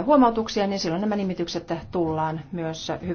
huomautuksia, niin silloin nämä nimitykset tullaan myös hyvä